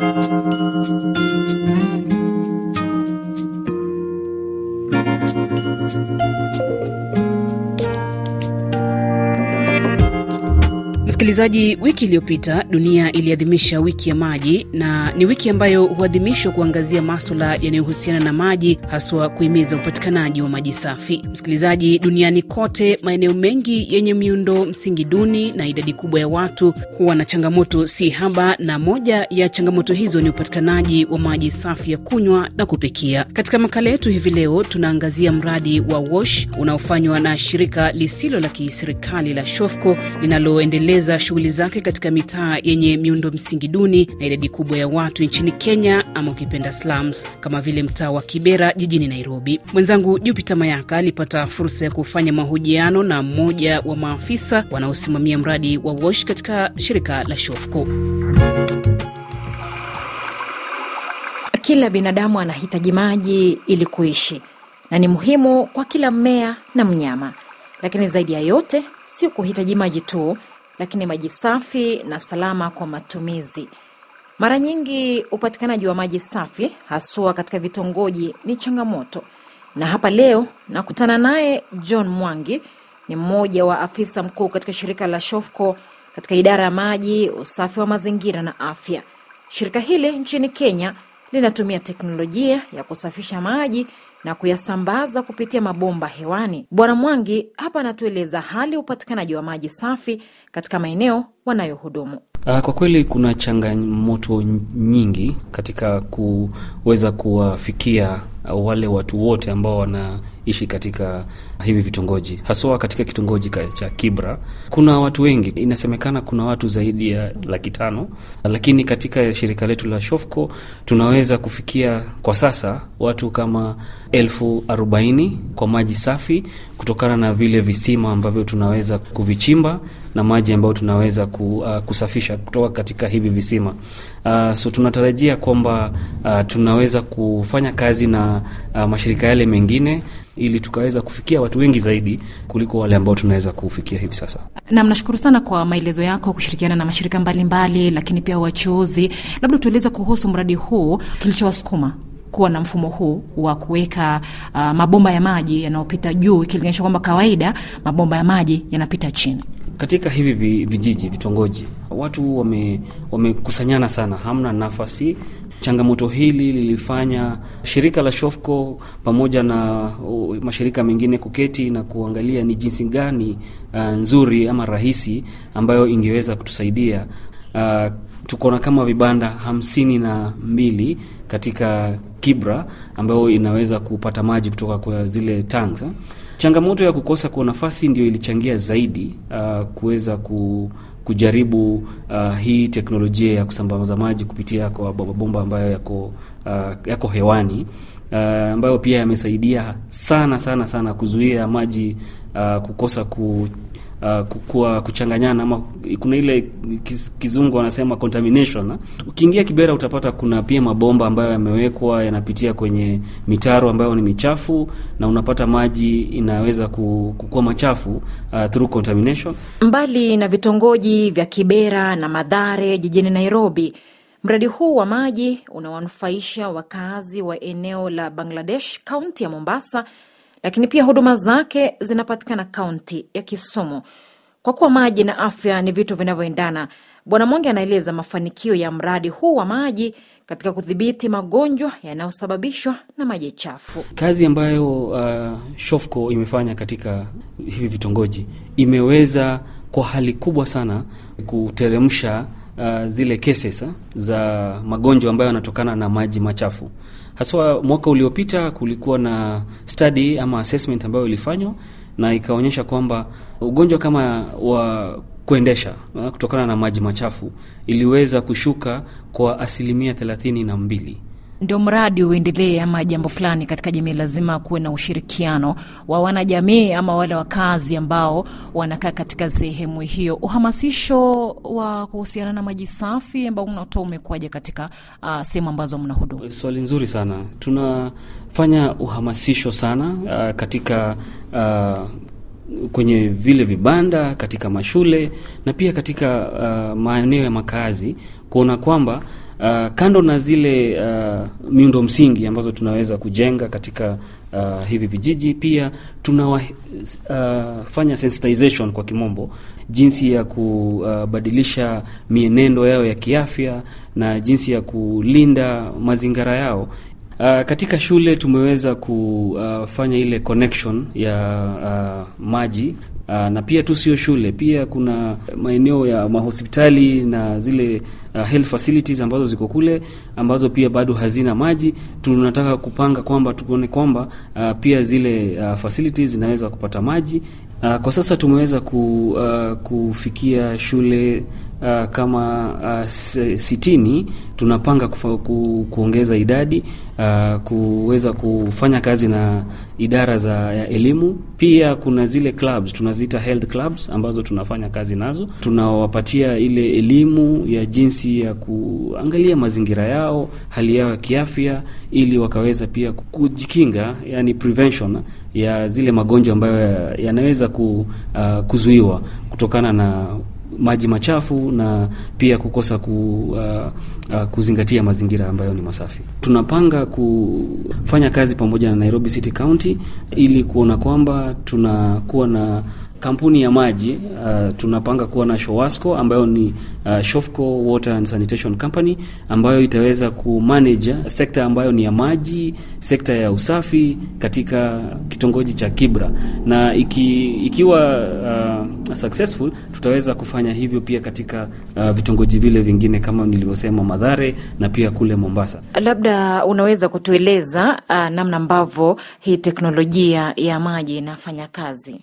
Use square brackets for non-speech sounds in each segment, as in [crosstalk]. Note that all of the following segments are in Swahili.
thank you Msikilizaji, wiki iliyopita dunia iliadhimisha wiki ya maji, na ni wiki ambayo huadhimishwa kuangazia maswala yanayohusiana na maji, haswa kuhimiza upatikanaji wa maji safi. Msikilizaji, duniani kote, maeneo mengi yenye miundo msingi duni na idadi kubwa ya watu huwa na changamoto si haba, na moja ya changamoto hizo ni upatikanaji wa maji safi ya kunywa na kupikia. Katika makala yetu hivi leo, tunaangazia mradi wa WASH unaofanywa na shirika lisilo la kiserikali la SHOFCO linaloendeleza shughuli zake katika mitaa yenye miundo msingi duni na idadi kubwa ya watu nchini Kenya, ama ukipenda slums, kama vile mtaa wa Kibera jijini Nairobi. Mwenzangu jupita Mayaka alipata fursa ya kufanya mahojiano na mmoja wa maafisa wanaosimamia mradi wa WASH katika shirika la SHOFCO. Kila binadamu anahitaji maji ili kuishi na ni muhimu kwa kila mmea na mnyama, lakini zaidi ya yote sio kuhitaji maji tu, lakini maji safi na salama kwa matumizi. Mara nyingi upatikanaji wa maji safi haswa katika vitongoji ni changamoto, na hapa leo nakutana naye John Mwangi, ni mmoja wa afisa mkuu katika shirika la SHOFCO katika idara ya maji, usafi wa mazingira na afya. Shirika hili nchini Kenya linatumia teknolojia ya kusafisha maji na kuyasambaza kupitia mabomba hewani. Bwana Mwangi hapa anatueleza hali ya upatikanaji wa maji safi katika maeneo wanayohudumu. Ah, kwa kweli kuna changamoto nyingi katika kuweza kuwafikia wale watu wote ambao wana ishi katika hivi vitongoji, haswa katika kitongoji cha Kibra. Kuna watu wengi, inasemekana kuna watu zaidi ya laki tano, lakini katika shirika letu la Shofco tunaweza kufikia kwa sasa watu kama elfu arobaini kwa maji safi kutokana na vile visima ambavyo tunaweza kuvichimba na maji ambayo tunaweza uh, kusafisha kutoka katika hivi visima. Uh, so tunatarajia kwamba uh, tunaweza kufanya kazi na uh, mashirika yale mengine ili tukaweza kufikia watu wengi zaidi kuliko wale ambao tunaweza kufikia hivi sasa. Nam, nashukuru sana kwa maelezo yako, kushirikiana na mashirika mbalimbali mbali, lakini pia wachuuzi. Labda tueleza kuhusu mradi huu, kilichowasukuma kuwa na mfumo huu wa kuweka uh, mabomba ya maji yanayopita juu ikilinganishwa kwamba kawaida mabomba ya maji yanapita chini. Katika hivi vijiji, vitongoji, watu wamekusanyana wame sana, hamna nafasi Changamoto hili lilifanya shirika la Shofco pamoja na mashirika mengine kuketi na kuangalia ni jinsi gani uh, nzuri ama rahisi ambayo ingeweza kutusaidia uh, tuko na kama vibanda hamsini na mbili katika Kibra ambayo inaweza kupata maji kutoka kwa zile tanks. Changamoto ya kukosa kwa nafasi ndio ilichangia zaidi uh, kuweza ku kujaribu uh, hii teknolojia ya kusambaza maji kupitia kwa mabomba ambayo yako, uh, yako hewani uh, ambayo pia yamesaidia sana sana sana kuzuia maji uh, kukosa ku uh, kukua kuchanganyana ama kuna ile kizungu wanasema contamination. Ukiingia Kibera utapata kuna pia mabomba ambayo yamewekwa yanapitia kwenye mitaro ambayo ni michafu, na unapata maji inaweza kukua machafu uh, through contamination. Mbali na vitongoji vya Kibera na Madhare jijini Nairobi, mradi huu wa maji unawanufaisha wakazi wa eneo la Bangladesh, kaunti ya Mombasa lakini pia huduma zake zinapatikana kaunti ya Kisumu. Kwa kuwa maji na afya ni vitu vinavyoendana, Bwana Mwange anaeleza mafanikio ya mradi huu wa maji katika kudhibiti magonjwa yanayosababishwa na maji chafu. Kazi ambayo uh, Shofco imefanya katika hivi vitongoji imeweza kwa hali kubwa sana kuteremsha uh, zile cases uh, za magonjwa ambayo yanatokana na maji machafu. Haswa mwaka uliopita kulikuwa na study ama assessment ambayo ilifanywa na ikaonyesha kwamba ugonjwa kama wa kuendesha eh, kutokana na maji machafu iliweza kushuka kwa asilimia thelathini na mbili ndio mradi uendelee ama jambo fulani katika jamii, lazima kuwe na ushirikiano wa wanajamii ama wale wakazi ambao wanakaa katika sehemu hiyo. Uhamasisho wa kuhusiana na maji safi ambao unatoa umekuaja katika uh, sehemu ambazo mnahudumu? Swali nzuri sana. Tunafanya uhamasisho sana uh, katika uh, kwenye vile vibanda katika mashule na pia katika uh, maeneo ya makazi kuona kwamba Uh, kando na zile uh, miundo msingi ambazo tunaweza kujenga katika uh, hivi vijiji, pia tunawafanya uh, sensitization kwa kimombo, jinsi ya kubadilisha mienendo yao ya kiafya na jinsi ya kulinda mazingira yao. Uh, katika shule tumeweza kufanya ile connection ya uh, maji Ah, na pia tu sio shule, pia kuna maeneo ya mahospitali na zile uh, health facilities ambazo ziko kule ambazo pia bado hazina maji. Tunataka kupanga kwamba tuone kwamba uh, pia zile uh, facilities zinaweza kupata maji. Uh, kwa sasa tumeweza ku, uh, kufikia shule uh, kama uh, sitini tunapanga kufa, ku, kuongeza idadi uh, kuweza kufanya kazi na idara za ya elimu. Pia kuna zile clubs tunaziita health clubs ambazo tunafanya kazi nazo, tunawapatia ile elimu ya jinsi ya kuangalia mazingira yao, hali yao ya kiafya, ili wakaweza pia kujikinga, yani prevention ya zile magonjwa ambayo yanaweza ku, uh, kuzuiwa kutokana na maji machafu na pia kukosa ku, uh, uh, kuzingatia mazingira ambayo ni masafi. Tunapanga kufanya kazi pamoja na Nairobi City County ili kuona kwamba tunakuwa na Kampuni ya maji uh, tunapanga kuwa na Showasco ambayo ni uh, Shofco Water and Sanitation Company ambayo itaweza kumanage sekta ambayo ni ya maji, sekta ya usafi katika kitongoji cha Kibra, na iki, ikiwa uh, successful tutaweza kufanya hivyo pia katika uh, vitongoji vile vingine kama nilivyosema Madhare na pia kule Mombasa. Labda unaweza kutueleza uh, namna ambavyo hii teknolojia ya maji inafanya kazi?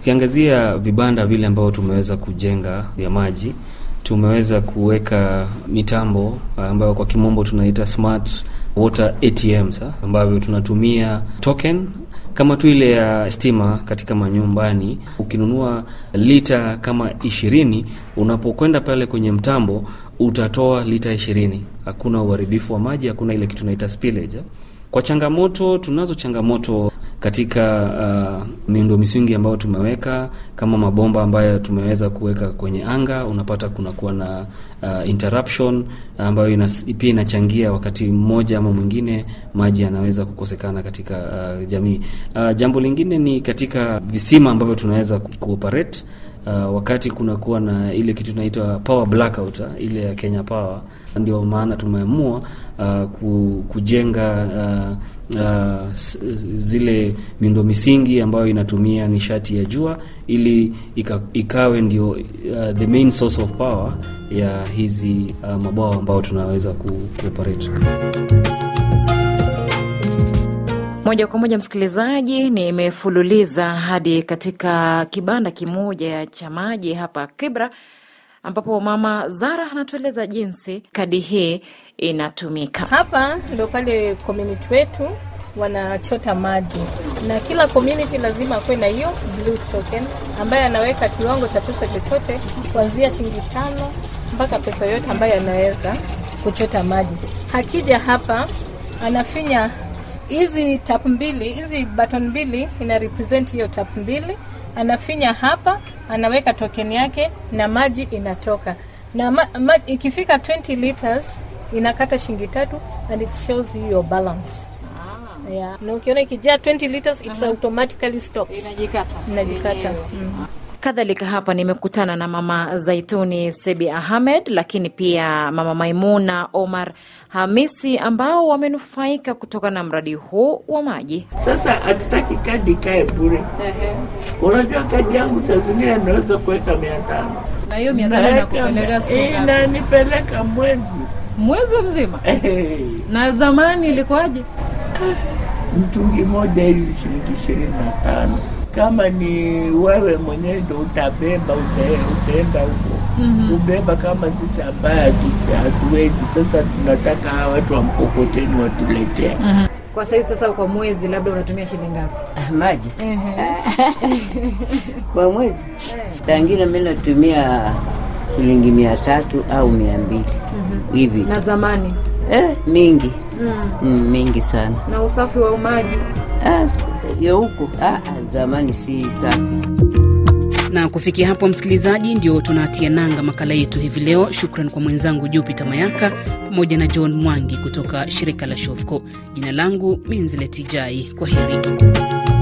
Ukiangazia vibanda vile ambavyo tumeweza kujenga vya maji, tumeweza kuweka mitambo ah, ambayo kwa kimombo tunaita smart water ATMs ah, ambavyo tunatumia token kama tu ile ya stima katika manyumbani. Ukinunua lita kama ishirini, unapokwenda pale kwenye mtambo utatoa lita ishirini. Hakuna uharibifu wa maji, hakuna ile kitu naita spillage. Ah. Kwa changamoto, tunazo changamoto katika uh, miundo misingi ambayo tumeweka kama mabomba ambayo tumeweza kuweka kwenye anga, unapata kunakuwa na uh, interruption ambayo inas, pia inachangia wakati mmoja ama mwingine maji yanaweza kukosekana katika uh, jamii. Uh, jambo lingine ni katika visima ambavyo tunaweza kuoperate ku uh, wakati kunakuwa na ile kitu inaitwa power blackout, uh, ile ya Kenya Power. Ndio maana tumeamua uh, kujenga uh, uh, zile miundo misingi ambayo inatumia nishati ya jua ili ikawe ndio uh, the main source of power ya hizi uh, mabwawa ambayo tunaweza kuoperate. Moja kwa moja, msikilizaji, nimefululiza hadi katika kibanda kimoja cha maji hapa Kibra, ambapo mama Zara anatueleza jinsi kadi hii inatumika. Hapa ndo pale komuniti wetu wanachota maji na kila komuniti lazima akuwe na hiyo blue token anaweka kiwango cha pesa chochote kuanzia shilingi tano mpaka pesa yoyote ambayo anaweza kuchota maji. Hakija hapa anafinya hizi tap mbili hizi button mbili ina represent hiyo tap mbili. Anafinya hapa, anaweka token yake na maji inatoka na ma, ma, ikifika 20 liters inakata shilingi tatu and it shows you your balance. Ah. Yeah. Na ukiona ikijaa 20 liters it uh -huh. automatically stops. Inajikata. Inajikata. Mm. Kadhalika hapa nimekutana na mama Zaituni Sebi Ahmed, lakini pia mama Maimuna Omar Hamisi ambao wamenufaika kutokana na mradi huu wa maji. Sasa hatutaki kadi ikae bure. Unajua kadi yangu saa zingine naweza kuweka mia tano na mwezi mwezi mzima. Na zamani ilikuwaje? Ah, mtungi moja hivi shilingi ishirini na tano kama ni wewe mwenyewe ndo utabeba utaenda huko mm -hmm. ubeba kama sisi ambaye hatuwezi sasa tunataka hawa watu wa mkokoteni watuletea mm -hmm. kwa sahizi sasa kwa mwezi labda unatumia shilingi ngapi [laughs] maji mm -hmm. [laughs] kwa mwezi tangina mi natumia shilingi mia tatu au mia mbili mhm. hivi na zamani eh, mingi mm. Mm, mingi sana na usafi wa maji ah, ya huko ah, ah, zamani si safi na kufikia hapo msikilizaji, ndio tunatia nanga makala yetu hivi leo. Shukran kwa mwenzangu jupita Mayaka pamoja na John Mwangi kutoka shirika la Shofco. Jina langu Minziletijai, kwa heri.